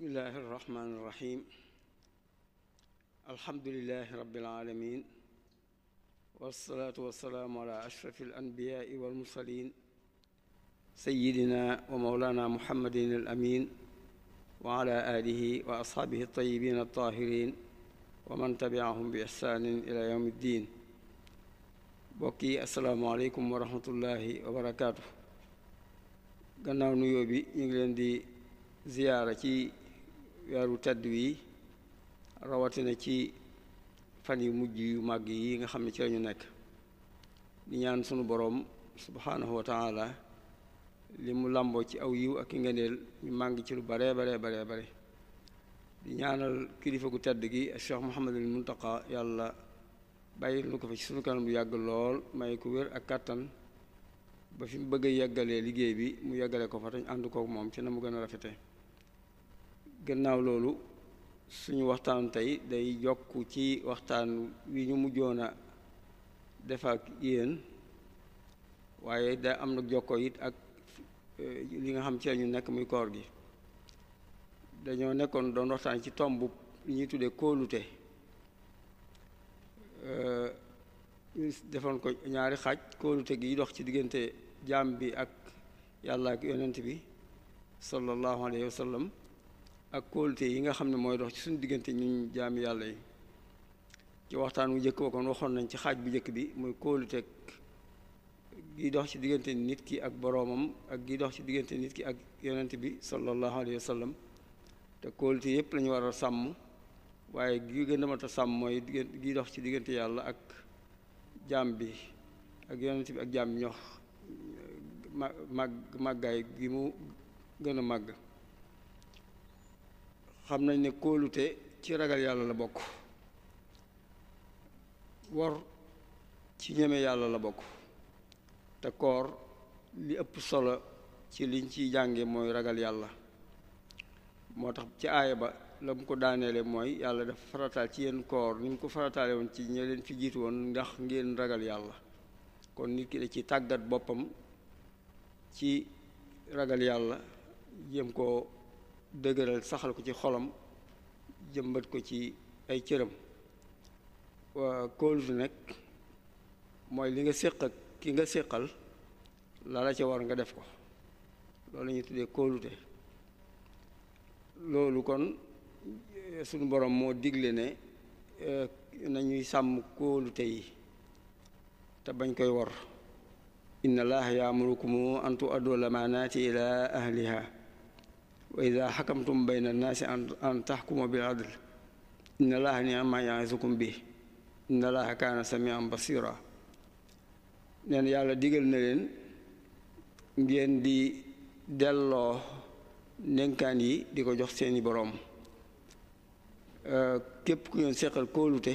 bismillahi irrahmani irrahim alhamdulilahi rabilalamin walsalaatu walsalaamu ala ashraf alanbiyaai walmursalin sayidina wa maulana muhammadin alamin wa ala alihi wa ashaabihi altayibin altahirin wa man tabiahum bi ixsaanin ila yowm ddin bokk yi asalaamualeykum wa rahmatullahi wa barakaatu gannaaw nuyoo bi ñu ngi leen di ziyaara ci weeru tedd wi rawatina ci fan yu mujj yu màgg yi nga xam ne ci lañu nekk di ñaan sunu boroom subhaanahu wa taala li mu làmboo ci aw yiw ak i ngeneel ñu màng ci lu baree baree baree bare di ñaanal kilifa gu tedd gi Cheikh Mouhamadul Muntaqa yàlla bàyyi nu ko fa ci sunu kanam lu yàgg lool may ku wér ak kàttan ba fi mu bëgg a yeggalee liggéey bi mu yeggalee ko fa te ñu ànd kook moom ci na mu gën a rafete gannaaw loolu suñu waxtaan tey day jokk ci waxtaan wi ñu mujjoon a yéen waaye da am na jokko it ak eh, li nga xam ci lañu nekk muy koor gi dañoo nekkoon doon waxtaan ci tomb li ñuy tuddee kóolute eh, ñu defoon ko ñaari xaaj kóolute gi dox ci diggante jaam bi ak yàlla ak yonent bi sallallahu alayhi wa ak kóolute yi nga xam ne mooy dox ci suñu diggante ñun jaami yàlla yi ci waxtaan wu jëkk ba kon waxoon nañ ci xaaj bu jëkk bi muy kóoluteeg gi dox ci diggante nit ki ak boroomam ak gi dox ci diggante nit ki ak yonent bi sallallahu alayhi wa te kóolute yépp lañu war a sàmm waaye gi gën a mat a sàmm mooy diggante gi dox ci diggante yàlla ak jaam bi ak yonent bi ak jaam bi ñox màgg màggaay gi mu gën a màgg xam nañ ne kóolute ci ragal yàlla la bokk wor ci ñeme yàlla la bokk te koor li ëpp solo ci liñ ci jànge mooy ragal yàlla moo tax ci aaya ba la mu ko daaneele mooy yàlla dafa farataal ci yenn koor ni mu ko farataale woon ci ñe leen fi jiit woon ndax ngeen ragal yàlla kon nit ki da ci tàggat boppam ci ragal yàlla jéem koo dëgëral saxal ko ci xolam jëmbat ko ci ay cëram waa kóolute nag mooy li nga séq ak ki nga séqal lala la ca war nga def ko loolu la ñuy tuddee kóolute loolu kon eh, suñu borom moo digle ne eh, nañuy sàmm kóolute yi te bañ koy war inna allaha yaamurukum an tu'addu l-amaanaati ilaa ahliha wa ida xakamtum bayna annaasi an taxkuma bil adl inna allaha ni'ma ya'izukum bi inna allaha kaana samian basira neen yàlla digal na leen ngeen di delloo ndenkaan yi di ko jox seeni boroom euh, képp ku ngeen seqal kóolute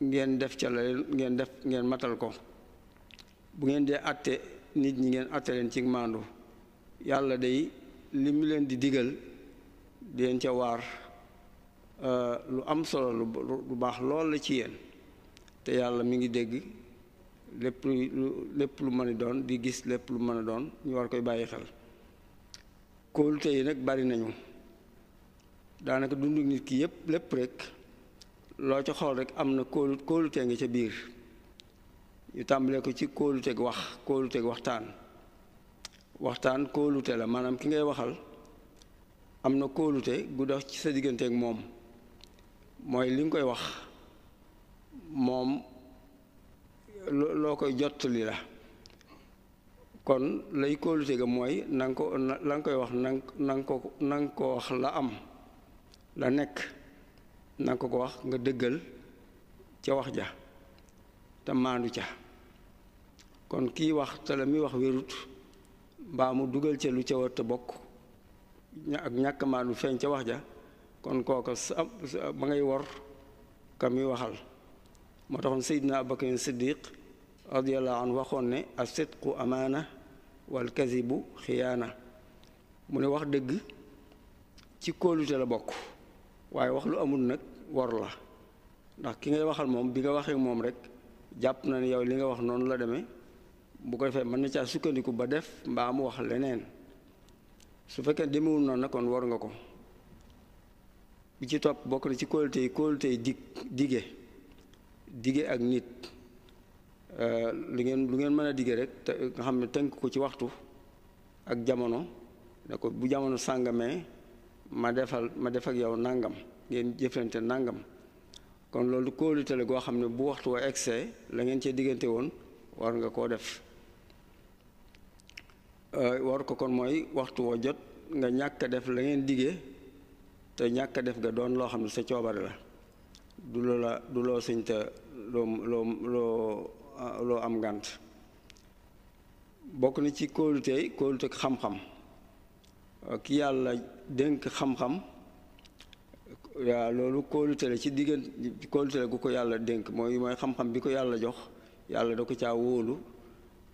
ngeen def ca la leen ngeen def ngeen matal ko bu ngeen dee atte nit ñi ngeen atte leen ci maandu yàlla day li mu leen di digal di leen ca waar eh, lu am solo lu baax lool la ci yéen te yàlla mu ngi dégg lépp lu lépp lu mën doon di gis lépp lu mën a doon ñu war koy bàyyi xel kóolute yi nag bari nañu daanaka dundu nit ki yépp lépp rek loo ca xool rek am na kóolu kóolutee nga ca biir ñu tàmbalee ko ci kóoluteg wax kóoluteg waxtaan waxtaan kóolute la maanaam ki ngay waxal am na kóolute gu dox ci sa digganteek moom mooy li nga koy wax moom loo koy jottali la kon lay kóolute ga mooy na ko la nga koy wax na na nga ko na nga ko wax la am la nekk na ko ko wax nga dëggal ca wax ja te maandu ca kon kii wax te la muy wax wérut mbaa mu dugal ca lu ca war te bokk ak ñàkk feeñ ca wax ja kon kooka sa ba ngay wor ka muy waxal moo taxoon seydina abubakar siddiq radiallahu anhu waxoon ne a sidqu amaana wal kazibu xiyaana mu ne wax dëgg ci kóolute la bokk waaye wax lu amul nag wor la ndax ki ngay waxal moom bi nga waxee moom rek jàpp na ne yow li nga wax noonu la demee bu ko defee mën na caa sukkandiku ba def mbaa mu wax leneen su fekkee demewul noonu nag kon war nga ko bi ci topp bokk na ci kóolute yi kóolute yi dig dige dige ak nit euh, lu ngeen lu ngeen mën a dige rek nga xam ne tënk ko ci waxtu ak jamono ne ko bu jamono sàngamee ma defal ma def ak yow nangam ngeen jëflante nangam kon loolu kóolute la goo xam ne bu waxtu wa egsee la ngeen cee diggante woon war nga koo def Euh, war ko kon mooy waxtu woo jot nga ñàkk def la ngeen diggee te ñàkk def ga doon loo xam ne sa coobare la du loo la du loo sëñta loo loo loo ah, loo am ngànt bokk na ci kóolutey kóolute xam-xam euh, ki yàlla dénk xam-xam loolu kóolute la ci diggante kóolute la gu ko yàlla dénk mooy mooy xam-xam bi ko yàlla jox yàlla da ko caa wóolu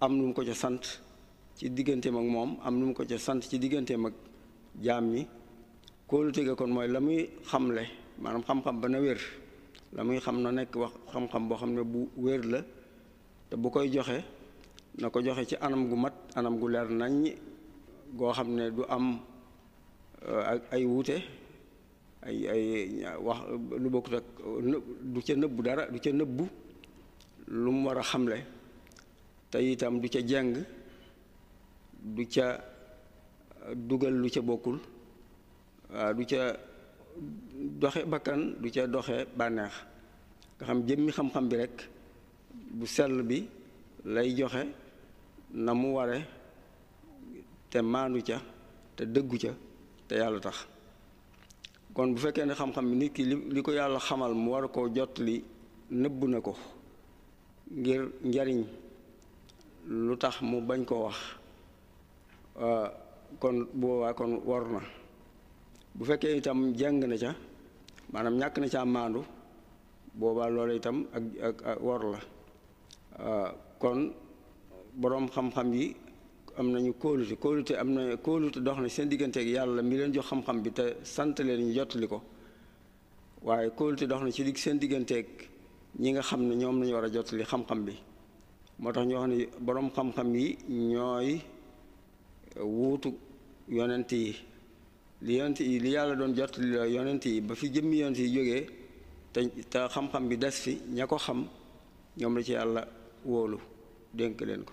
am lu mu ko ca sant ci digganteem ak moom am nu mu ko ca sant ci digganteem ak jaam ñi kóolute ga kon mooy la muy xamle maanaam xam-xam ba na wér la muy xam na nekk wax xam-xam boo xam ne bu wér la te bu koy joxe na ko joxe ci anam gu mat anam gu leer naññ goo xam ne du am euh, ak ay wuute ay ay wax lu bokkut ak du ca nëbbu dara du ca nëbbu lu mu war a xamle te itam du ca jeng du ca dugal lu ca bokkul waaw du ca doxe bakkan du ca doxe bànneex nga xam jëmmi xam-xam bi rek bu sell bi lay joxe na mu ware te maandu ca te dëggu ca te yàlla tax kon bu fekkee ne xam-xam bi nit ki li ko yàlla xamal mu war koo jot li nëbbu na ko ngir njariñ lu tax mu bañ koo wax Euh, kon boobaa kon war na bu fekkee itam jàng na ca maanaam ñàkk na ca maandu boobaa loolu itam ak ak war la euh, kon boroom xam-xam yi am nañu kóolute kóolute am na kóolute dox na seen digganteek ak yàlla mi leen jox xam-xam bi te sant leen ñu jottali ko waaye kóolute dox na ci digg seen digganteeg ñi nga xam ne ñoom nañu war a jottali xam-xam bi moo tax ñu wax ne boroom xam-xam yi ñooy wuutu yonent yi li yonent yi li yàlla doon jot li la yonent yi ba fi jëmmi yonent yi jógee te xam-xam bi des fi ña ko xam ñoom la ci yàlla wóolu dénk leen ko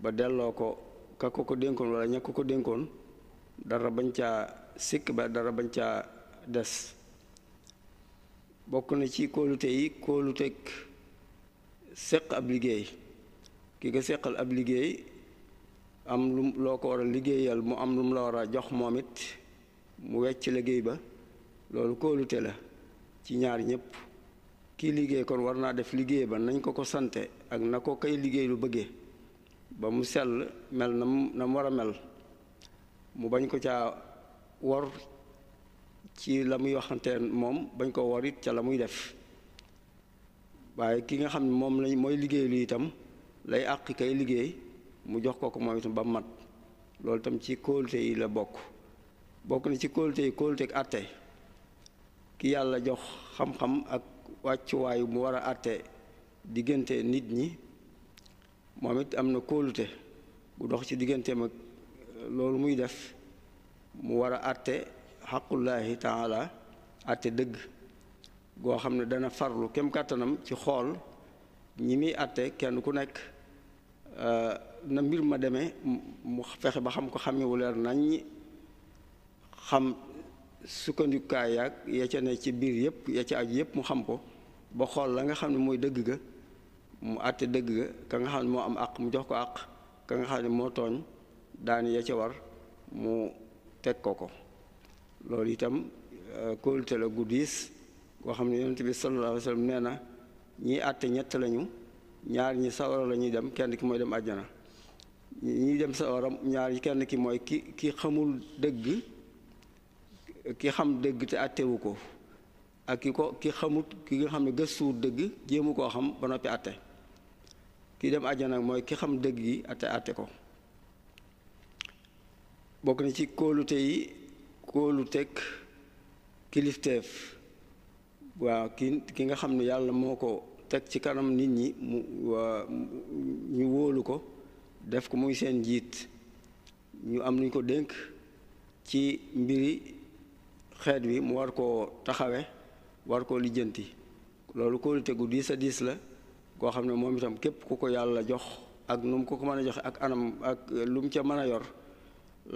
ba delloo ko ka ko ko dénkoon wala ña ko ko dénkoon dara bañ caa sikk ba dara bañ caa des bokk na ci kóolute yi kóoluteeg séq ab liggéey ki ko séqal ab liggéey am lu loo ko war a liggéeyal mu am lu mu la war a jox moom it mu wecc liggéey ba loolu kóolute la ci ñaar ñëpp kii liggéey kon war naa def liggéey ba nañ ko ko sante ak na ko kay liggéey lu bëggee ba mu sell mel na mu na mu war a mel mu bañ ko ca wor ci la muy waxanteen moom bañ ko wor it ca la muy def waaye ki nga xam ne moom lañ mooy liggéey lu itam lay àq kay liggéey mu jox kooku moom itam ba mu mat loolu itam ci kóolute yi la bokk bokk na ci kóolute yi kóolute ak àtte ki yàlla jox xam-xam ak wàccuwaayu mu war a àtte diggante nit ñi moom it am na kóolute bu dox ci digganteem ak euh, loolu muy def mu war a àtte xaqullaahi taala àtte dëgg goo xam ne dana farlu kem kàttanam ci xool ñi muy àtte kenn ku nekk euh, na mbir ma demee mu fexe ba xam ko xame wu leer nañ xam sukkandikaay yaag ya ne ci biir yépp ya ca aju yépp mu xam ko ba xool la nga xam ne mooy dëgg ga mu àtte dëgg ga ka nga xam ne moo am àq mu jox ko àq ka nga xam ne moo tooñ daan ya ca war mu teg ko ko loolu itam euh, kóolute la gu diis koo xam ne yonent bi sallallahu alayhi na ñii àtte ñett lañu ñaar ñi sawara la ñuy dem kenn ki mooy dem àjjana ñi dem sawara ñaar kenn ki mooy ki ki xamul dëgg ki xam dëgg te àttewu ko ak ki ko ki xamut ki nga xam ne gëstuwut dëgg jéemu koo xam ba noppi àtte kii dem àjjana mooy ki xam dëgg yi atte ate ko bokk na ci kóolute yi kóoluteeg kilifteef waaw ki ki nga xam ne yàlla moo ko teg ci kanam nit ñi mu ñu wóolu ko def ko muy seen njiit ñu am luñ ko dénk ci mbiri xeet wi mu war koo taxawe war koo lijjanti loolu kóolute gu diis diis la koo xam ne moom itam képp ku ko yàlla jox ak nu mu ko ko mën a joxe ak anam ak lu mu ca mën a yor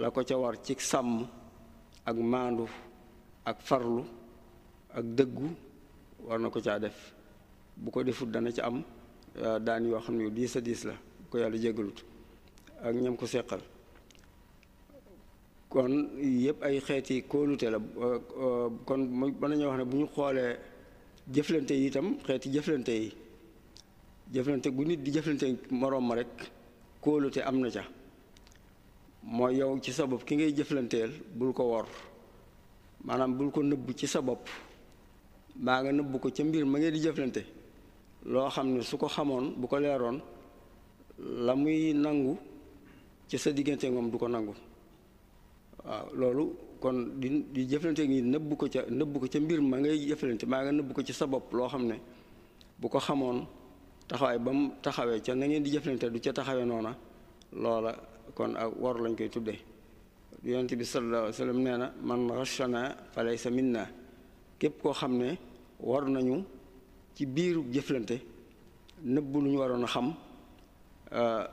la ko ca war ci sàmm ak maandu ak farlu ak dëggu war na ko caa def bu ko defut dana ca am euh, daan yoo xam ne yu diis diis la ko yàlla jégalut ak ñam ko seqal kon yëpp ay xeeti kóolute la euh, euh, kon mën nañoo wax ne bu ñu xoolee jëflante yi itam xeeti jëflante yi jëflante bu nit di jëflante moroom ma rek kóolute am na ca mooy yow ci sa bopp ki ngay jëflanteel bul ko wor maanaam bul ko nëbb ci sa bopp maa nga nëbb ko ca mbir ma ngeen di jëflante loo xam ne su ko xamoon bu ko leeroon la muy nangu ci sa diggante moom du ko nangu loolu kon di di jëflante ngi nëbb ko ca nëbb ko ca mbir ma ngay jëflante maa nga nëbb ko ci sa bopp loo xam ne bu ko xamoon taxawaay ba mu taxawee ca na ngeen di jëflante du ca taxawee noona loola kon ak war lañ koy tuddee yonent bi sallallahu alayhi nee na man rachana falaysa minna képp koo xam ne war nañu ci biiru jëflante nëbbu lu ñu waroon a xam euh,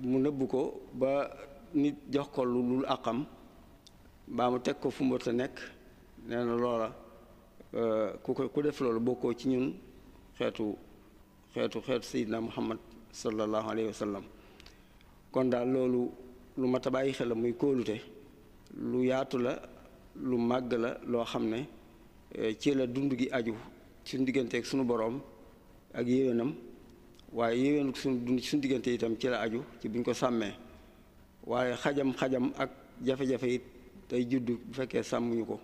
mu nëbb ko ba nit jox ko lu dul àqam baa mu teg ko fu mu nekk nee na loola euh, ku ko ku def loolu bokkoo ci ñun xeetu xeetu xeetu sayidna muhammad sallallahu alayhi wa sallam kon daal loolu lu mat a bàyyi xel la muy kóolute lu yaatu la lu màgg la loo xam ne e, ci la dund gi aju suñu digganteeg suñu boroom ak yéwénam waaye yéwéen suñu dund suñu diggante itam ci la aju ci buñ ko sàmmee waaye xajam-xajam ak jafe-jafe it tey juddu bu fekkee sàmmuñu ko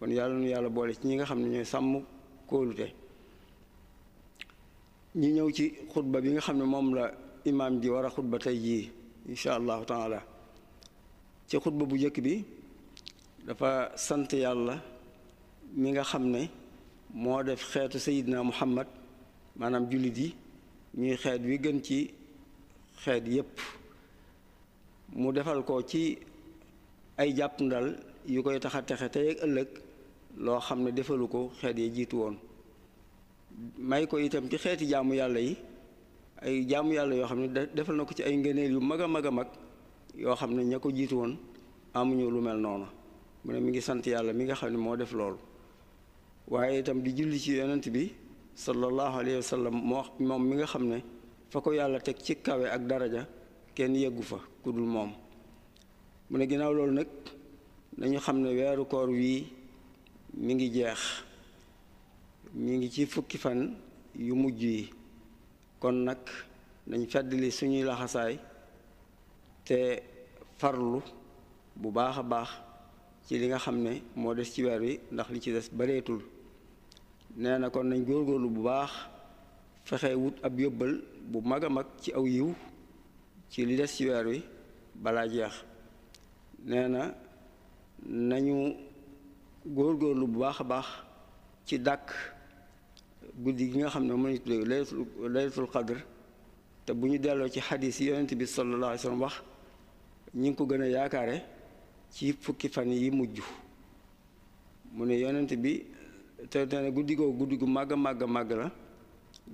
kon yàlla nu yàlla boole ci ñi nga xam ne ñooy sàmm kóolute ñi ñëw ci xutba bi nga xam ne moom la imaam ji war a xutba tey jii incha allahu taala ci xutba bu njëkk bi dafa sant yàlla mi nga xam ne moo def xeetu sayidna muhammad maanaam jullit yi ñuy xeet wi gën ci xeet yépp mu defal ko ci ay jàpp ndal yu koy tax a texe tey ak ëllëg loo xam ne defalu ko xeet yi jiitu woon may ko itam ci xeeti jaamu yàlla yi ay jaamu yàlla yoo xam ne defal na ko ci ay ngëneel yu mag a mag a mag yoo xam ne ña ko jiitu woon amuñu lu mel noonu mu ne mi ngi sant yàlla mi nga xam ne moo def loolu waaye itam di julli ci yonent bi sallallahu alayhi wa moom mi nga xam ne fa ko yàlla teg ci kawe ak daraja kenn yeggu fa ku dul moom mu ne ginnaaw loolu nag nañu xam ne weeru koor wii mi ngi jeex ñu ngi ci fukki fan yu mujj yi kon nag nañ feddali suñuy laxasaay te farlu bu baax a baax ci li nga xam ne moo des ci weer wi ndax li ci des bareetul nee na kon nañ góorgóorlu bu baax fexe wut ab yóbbal bu mag a mag ci aw yiw ci li des ci weer wi balaa jeex nee na nañu góorgóorlu bu baax a baax ci dàkk guddi gi nga xam ne moom lañu tuddee te bu ñu delloo ci xadis yi yonent bi solo alayhi wa wax ñi ngi ko gën a yaakaare ci fukki fan yi mujj mu ne yonent bi te ne guddi goo guddi gu màgg a màgg a màgg la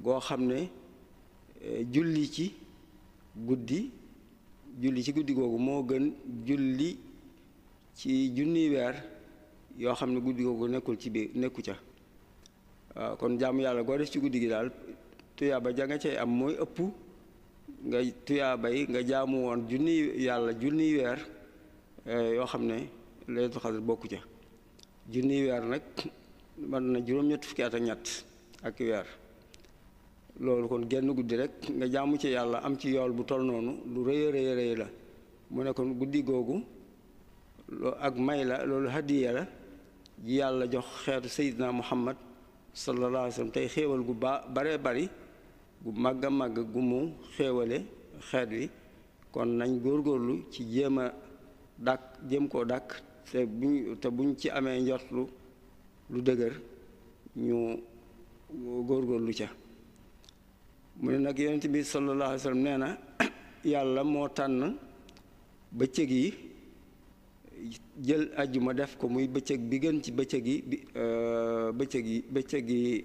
goo xam ne e, julli ci guddi julli ci guddi googu moo gën julli ci junni weer yoo xam ne guddi googu nekkul ci biir nekku ca waaw kon jaamu yàlla goo def ci guddi gi daal tuyaaba ja nga cay am mooy ëpp nga tuyaaba nga jaamu woon junni yàlla junni weer eh, yoo xam ne laylatul xadr bokku ca junni weer nag man na juróom-ñett fukki at ak weer loolu kon genn guddi rek nga jaamu ci yàlla am ci yool bu tol noonu lu rëy rëy rëy la mu ne kon guddi googu loo ak may la loolu hadiya la ji yàlla jox xeetu sayidina muhammad sallallahu alayhi wa tey xéewal gu ba bari gu màgg a màgg gu mu xéewale xeet wi kon nañ góor góorlu ci jéem a dàkk jéem koo dàkk te buñ te buñ ci amee njort lu dëgër ñu góorgóorlu ca mu ne nag yonent bi sallallahu alayhi nee na yàlla moo tànn bëccëg yi jël ajjuma def ko muy bëccëg bi gën ci bëccëg yi bi euh, bëccëg yi bëccëg yi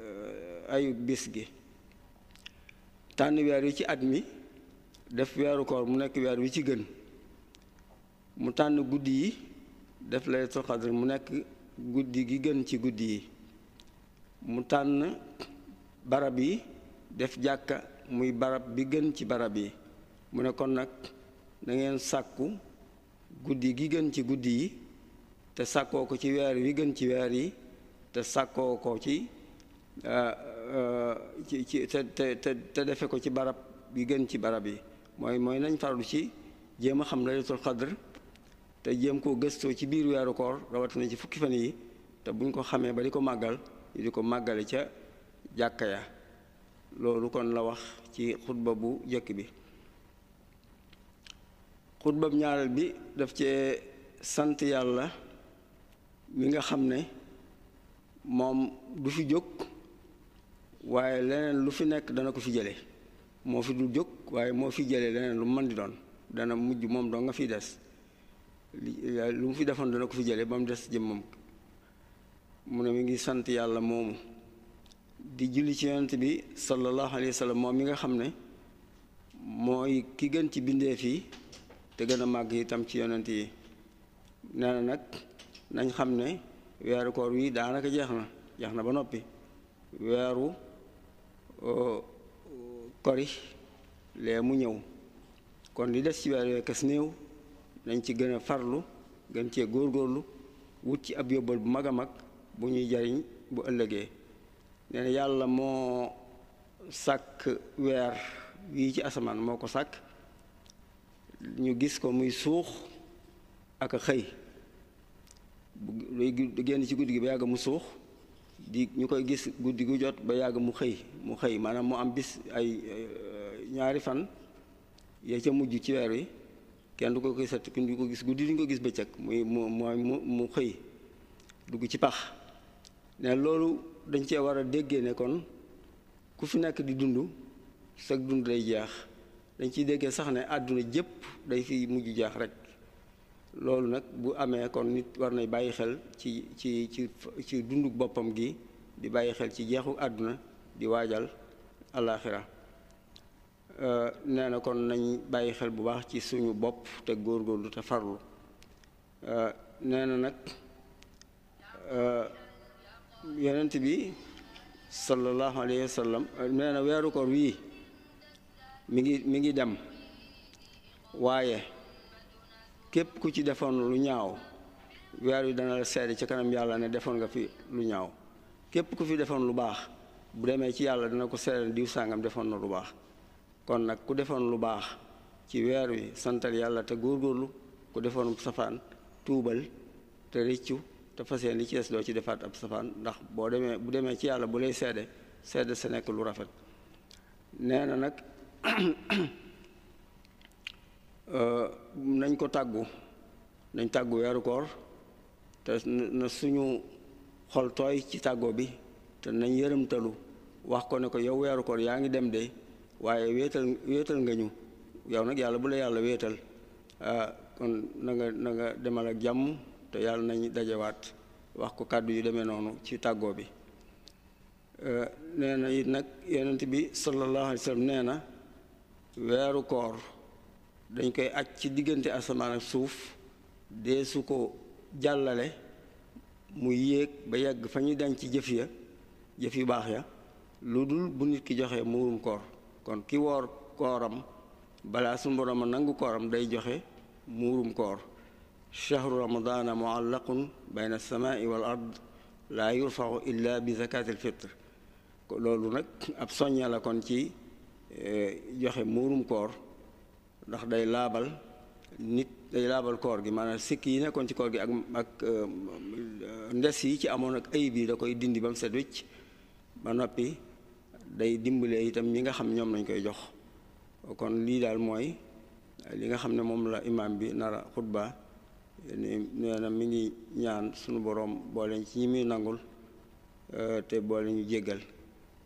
euh, ayu bis gi tànn weer wi ci at mi def weeru koor mu nekk weer wi ci gën mu tànn guddi yi def laylatul qadr mu nekk guddi gi gën ci guddi yi mu tànn barab yi def jàkka muy barab bi gën ci barab yi mu ne kon nag na sàkku guddi gi gën ci guddi yi te sàkkoo ko ci weer wi gën ci weer yi te sàkkoo ko ci euh, euh, ci ci te te defe ko ci barab yi gën ci barab yi mooy mooy nañ farlu ci jéem a xam laylatul xadr te jéem koo gëstoo ci biir weeru koor rawatina ci fukki fan yi te buñ ko xamee ba di ko màggal di ko màggale ca jàkk ya loolu kon la wax ci xutba bu jëkk bi xutbab ñaareel bi def cee sant yàlla mi nga xam ne moom du fi jóg waaye leneen lu fi nekk dana ko fi jële moo fi du jóg waaye moo fi jële leneen lu man di doon dana mujj moom doo nga fiy des lu mu fi defoon dana ko fi jële ba mu des jëmmam mu ne mi ngi sant yàlla moomu di julli ci yonent bi sallallahu alayhi wa moom mi nga xam ne mooy ki gën ci bindee fii te gën a màgg itam ci yonent yi nee nag nañ xam ne weeru kor wii daanaka jeex na jeex na ba noppi weeru kori lee mu ñëw kon li des ci weer yooyu kas néew nañ ci gën a farlu gën cee góorlu wut ci ab yóbbal bu mag a mag bu ñuy jariñ bu ëllëgee nee yàlla moo sàkk weer wii ci asamaan moo ko sàkk ñu gis ko muy suux ak a xëy bu génn ci guddi gi ba yàgg mu suux di ñu koy gis guddi gu jot ba yàgg mu xëy mu xëy maanaam mu am bis ay ñaari fan ya ca mujj ci weer wi kenn du ko gisati du ko gis guddi duñ ko gis bëccëg muy mu mu mu xëy dugg ci pax ne loolu dañ cee war a déggee ne kon ku fi nekk di dund set dund day jeex dañ ciy déggee sax ne àdduna jëpp day fi mujj jaax rek loolu nag bu amee kon nit war nay bàyyi xel ci ci ci ci dunduk boppam gi di bàyyi xel ci jeexu àdduna di waajal alaaxira nee na kon nañ bàyyi xel bu baax ci suñu bopp te góorgóorlu te farlu nee na nag yonent bi sallallahu alayhi wa nee na weeru koor wii mi ngi mi ngi dem waaye képp ku ci defoon lu ñaaw weer wi dana la seede ci kanam yàlla ne defoon nga fi lu ñaaw képp ku fi defoon lu baax bu demee ci yàlla dana ko seede diw sàngam defoon na lu baax kon nag ku defoon lu baax ci weer wi santal yàlla te góorgóorlu ku defoon safaan tuubal te rëccu te fas yéene li ci des doo ci defaat ab safaan ndax boo demee bu demee ci yàlla bu lay seede sedd sa nekk lu rafet nee na nag Euh, nañ ko tàggu nañ tàggu weeru koor te na suñu xol tooy ci tàggoo bi te nañ yërëmtalu wax ko ne ko yow weeru koor yaa ngi dem de waaye wéetal wéetal nga ñu yow nag yàlla bu la yàlla wéetal euh, kon na nga demal ak jàmm te yàlla nañ dajewaat wax ko kàddu yu demee noonu ci tàggoo bi euh, nee na it nag yonent bi sallallahu alayhi wa sallam nee na weeru koor dañ koy aj ci diggante asamaan ak suuf dee ko jàllale mu yéeg ba yàgg fa ñu dañ ci jëf ya jëf yu baax ya lu dul bu nit ki joxee muurum koor kon ki woor kooram balaa suñu borom a nangu kooram day joxe muurum koor chahru ramadaana muallaqun bayna alsamaai wal ard laa yurfaxu illa bi zakati alfitre loolu nag ab soñña la kon ci Eh, joxe muurum koor ndax day laabal nit day laabal koor gi maanaam sikk yi nekkoon ci koor gi ak ak eh, ndes yi ci amoon ak ayib yi da koy dindi ba mu set wicc ba noppi day dimbale itam ñi nga xam ñoom lañ koy jox kon lii daal mooy li nga xam ne moom la imaam bi nara xutba nee na mi ngi ñaan sunu boroom boole ci ñi muy nangul eh, te boole ñu jéggal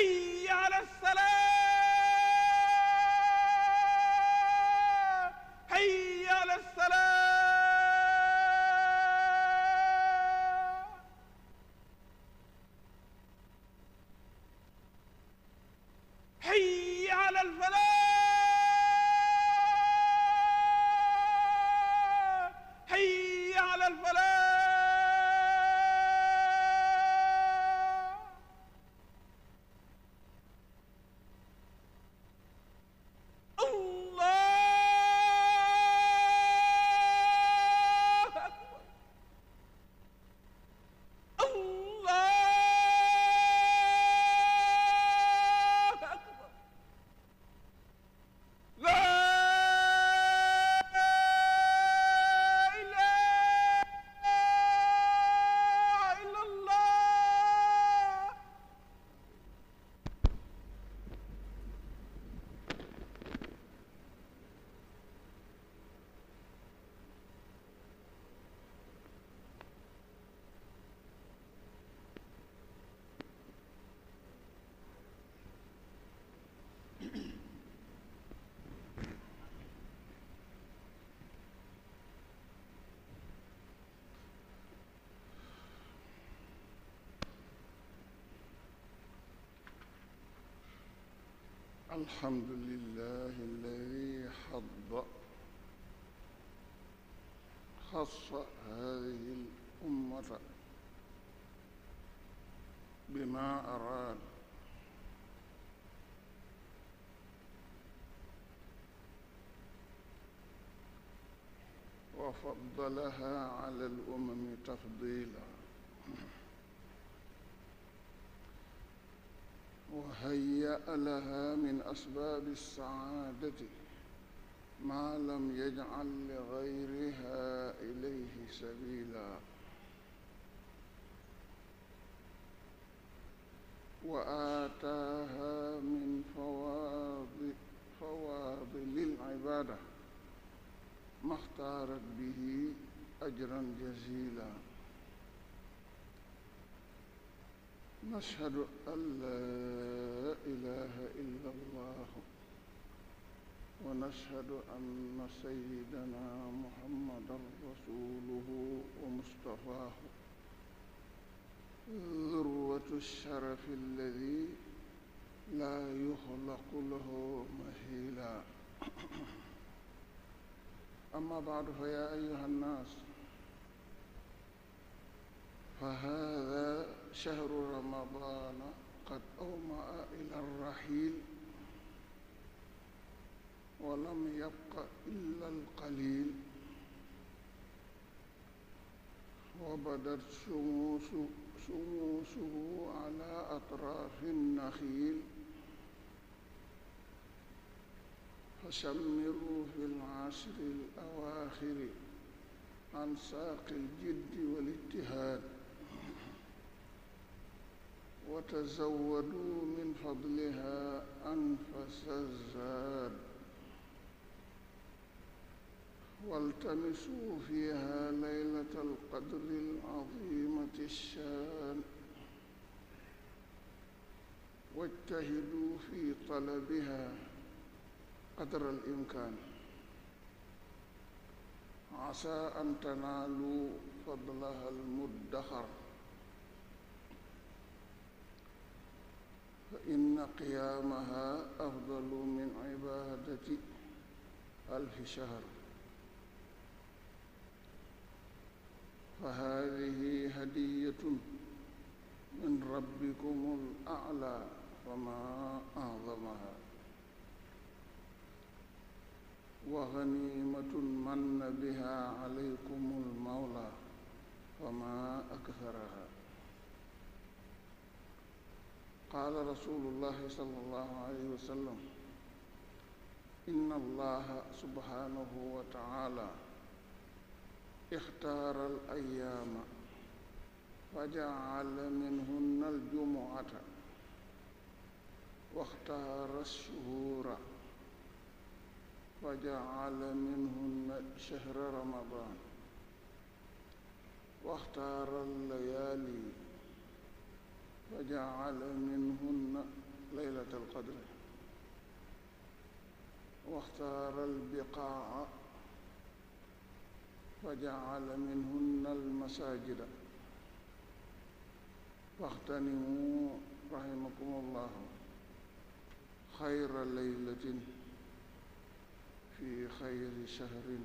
ay الحمد لله الذي حض خص هذه الأمة بما أراد وفضلها على الأمم تفضيلا وهيأ لها من أسباب السعادة ما لم يجعل لغيرها إليه سبيلا وآتاها من فواضل, فواضل العبادة ما اختارت به أجرا جزيلا نشهد أن لا إله إلا الله ونشهد أن سيدنا محمدا رسوله ومصطفاه ذروة الشرف الذي لا يخلق له مهيلا أما بعد فيا أيها الناس فهذا شهر رمضان قد أومأ إلى الرحيل ولم يبق إلا القليل وبدت شموس شموسه على أطراف النخيل فسمروا في العشر الأواخر عن ساق الجد والاجتهاد wa tazawwadu min fadliha anfasa zaad waltamisuu fiha laylata alqadri alazimati shaan wajtahiduu fi talabiha qadra alimkaan asaa an tanaaluu fadlaha almuddaxar فإن قيامها أفضل من عبادة ألف شهر فهذه هدية من ربكم الأعلى وما أعظمها وغنيمة من بها عليكم المولى وما أكثرها qaala rasulullahi sallallahu alayhi wa sallam inna allaha subhanahu wa taala ixtaara al ayaama fa jacala minhunna aljumuata waxtaara shuhuura fa jacala minhunna shahra ramadan waxtaara allayaali وجعل منهن ليلة القدر واختار البقاع وجعل منهن المساجد فاغتنموا رحمكم الله خير ليلة في خير شهر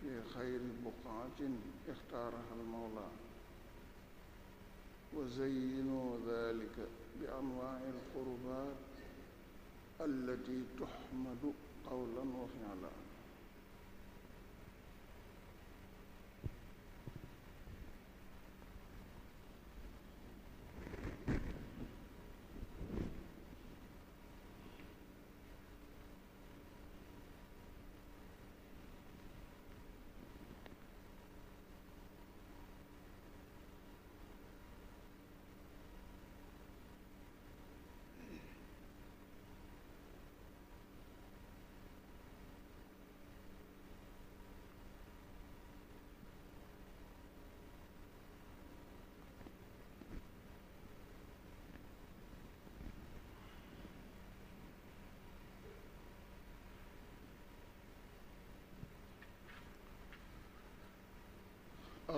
في خير بقعة اختارها المولى وزينوا ذلك بأنواع القربات التي تحمد قولا وفعلا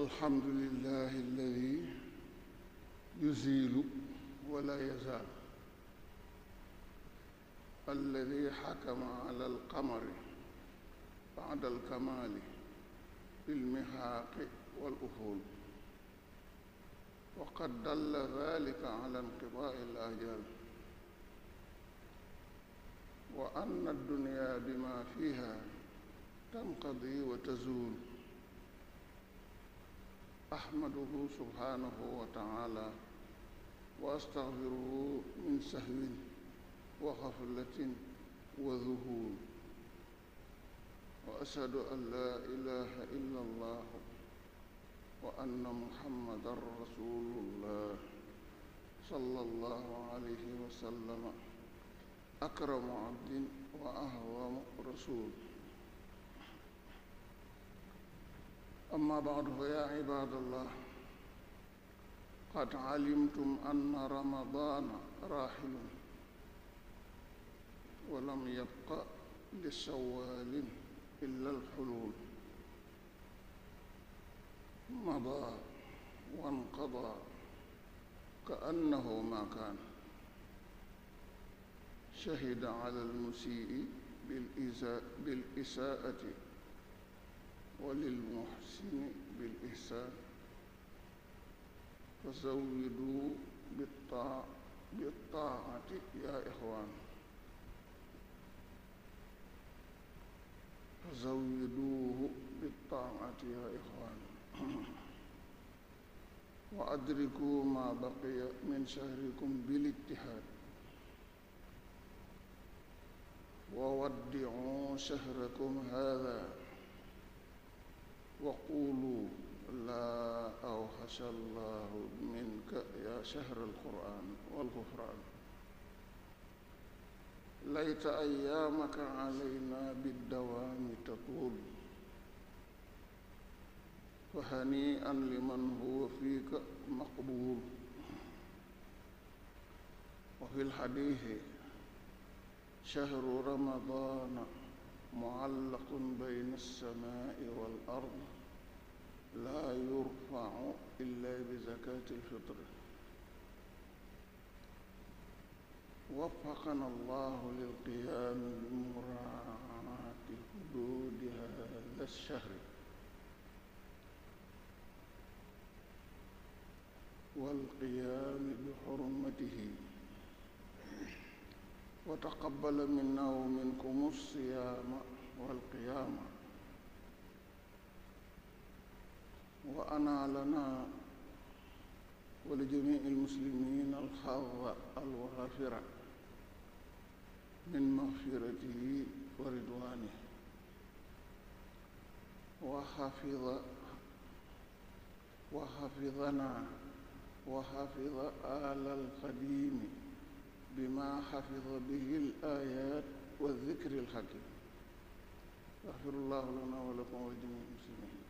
الحمد لله الذي يزيل ولا يزال الذي حكم على القمر بعد الكمال بالمحاق والأفول وقد دل ذلك على انقضاء الآجال وأن الدنيا بما فيها تنقضي وتزول أحمده سبحانه وتعالى وأستغفره من سهو وغفلة وذهول وأشهد أن لا إله إلا الله وأن محمدا رسول الله صلى الله عليه وسلم أكرم عبد وأهوم رسول أما بعد فيا عباد الله قد علمتم أن رمضان راحل ولم يبق لسوال إلا الحلول مضى وانقضى كأنه ما كان شهد على المسيء بالإساءة walil muhsini bil ihsan fa zawwidu bit taa bit taati yaa ixwaan fa zawwiduhu bit taati yaa ixwaan wa adriku ma baqiya min shahrikum bil ittihaad wa waddi'u shahrakum haadaa وقولوا لا أوحش الله منك يا شهر القرآن والغفران ليت أيامك علينا بالدوام تطول فهنيئا لمن هو فيك مقبول وفي الحديث شهر رمضان معلق بين السماء والأرض laa yurfau illa bi zakati alfitri waffaqana allahu lilqiyaami bi muraati xuduudi haada alshahri walqiyaami bi xurmatihi wa taqabbala minna wa minkum alsiyaama walqiyaama وأنا لنا ولجميع المسلمين الحظ الوافر من مغفرته ورضوانه وحفظ وحفظنا وحفظ آل القديم بما حفظ به الآيات والذكر الحكيم يغفر الله لنا ولكم ولجميع المسلمين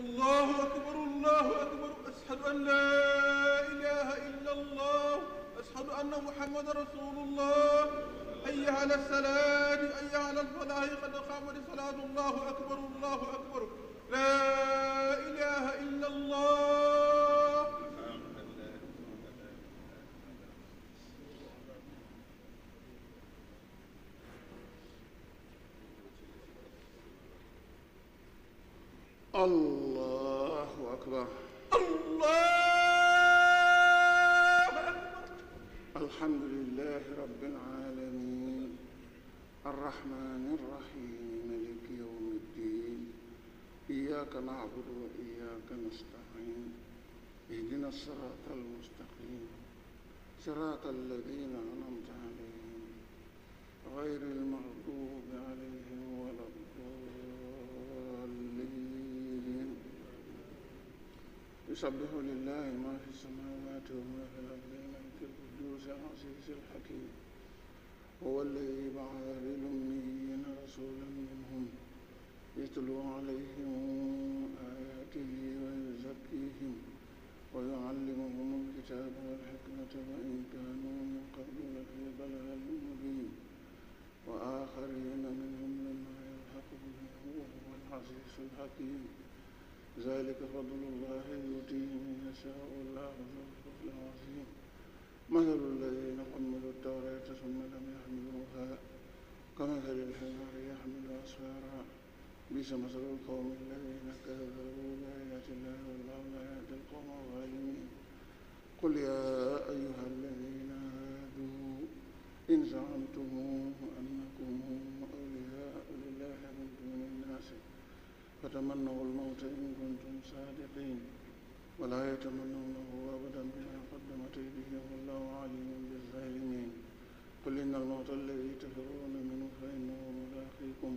الله أكبر الله أكبر أشهد أن لا إله إلا الله أشهد أن محمد رسول الله حي على الصلاة حي على الفلاح قد قامت صلاة الله أكبر الله أكبر لا إياك نعبد وإياك نستعين اهدنا الصراط المستقيم صراط الذين أنعمت عليهم غير المغضوب عليهم ولا الضالين يسبح لله ما في السماوات وما في الأرض الملك القدوس العزيز الحكيم هو الذي بعث للأميين رسولا منهم يتلو عليهم آياته ويزكيهم ويعلمهم الكتاب والحكمة وإن كانوا من قبل لفي ضلال مبين وآخرين منهم لما يلحق بهم وهو العزيز الحكيم ذلك فضل الله يؤتيه من يشاء والله ذو الفضل العظيم مثل الذين حملوا التوراة ثم لم يحملوها كمثل الحمار يحمل أسفارا بئس مثل القوم الذين كذبوا بآيات الله والله لا يهدي القوم الظالمين قل يا أيها الذين هادوا إن زعمتم أنكم أولياء لله من دون الناس فتمنوا الموت إن كنتم صادقين ولا يتمنونه أبدا بما قدمت أيديهم والله عليم بالظالمين قل إن الموت الذي تفرون منه فإنه ملاقيكم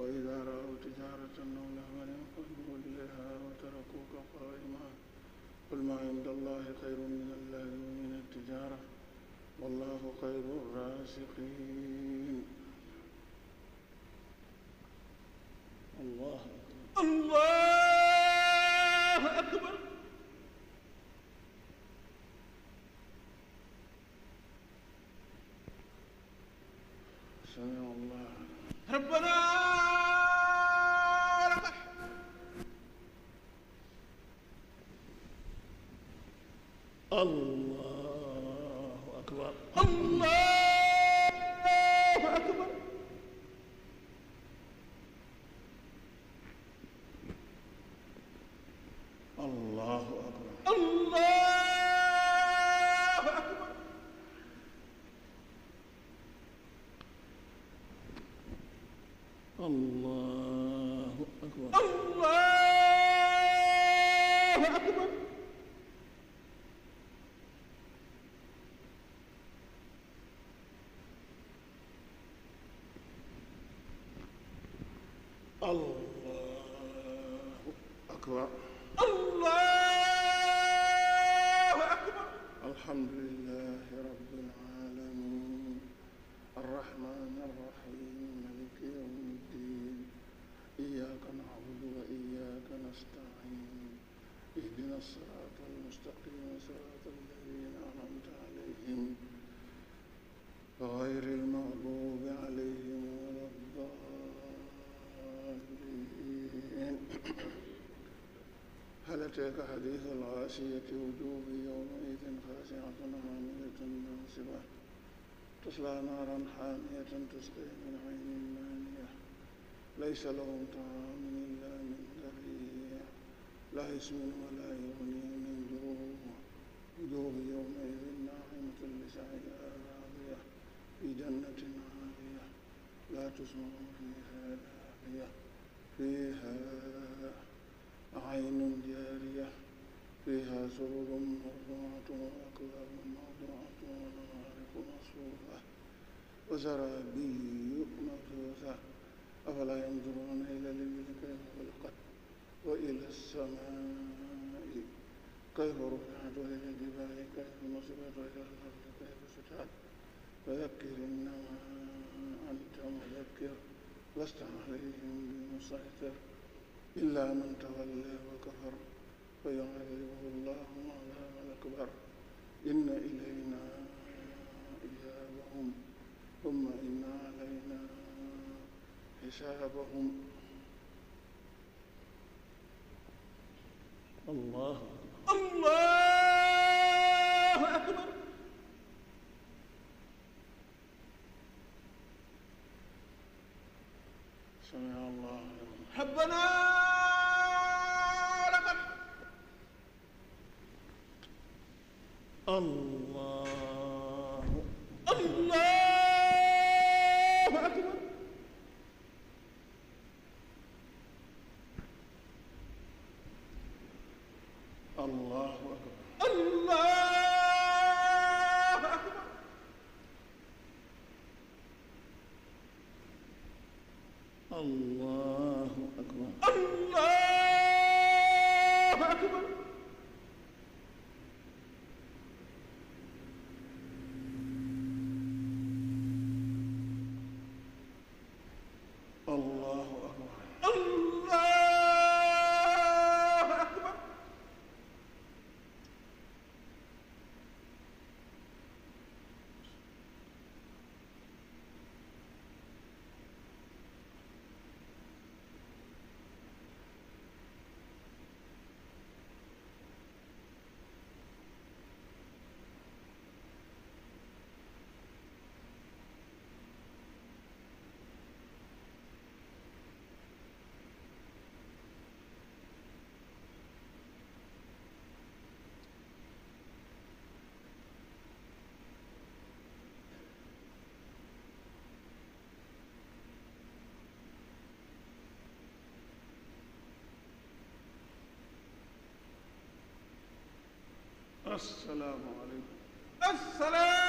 وإذا رأوا تجارة أو لهوا انقلبوا إليها وتركوك قائما قل ما عند الله خير من اللهو ومن التجارة والله خير الرازقين الله الله akbar أتاك حديث الغاشية وجوه يومئذ خاشعة عاملة ناصبة تصلى نارا حامية تسقي من عين مانية ليس لهم طعام إلا من ذريع لا يسمن ولا يغني من جوع وجوه يومئذ ناعمة لسعيها راضية في جنة عالية لا تسمع فيها لاغية فيها وجرى به يؤمر ساعة أفلا ينظرون إلى الإبل كيف خلقت وإلى السماء كيف رفعت وإلى الجبال كيف نصبت وإلى الأرض كيف سطحت فذكر إنما أنت مذكر لست عليهم بمسيطر إلا من تولى وكفر فيعذبه الله عذابا أكبر إن إلينا إيابهم ثم إن علينا حسابهم الله asalaamaaleykum asalaam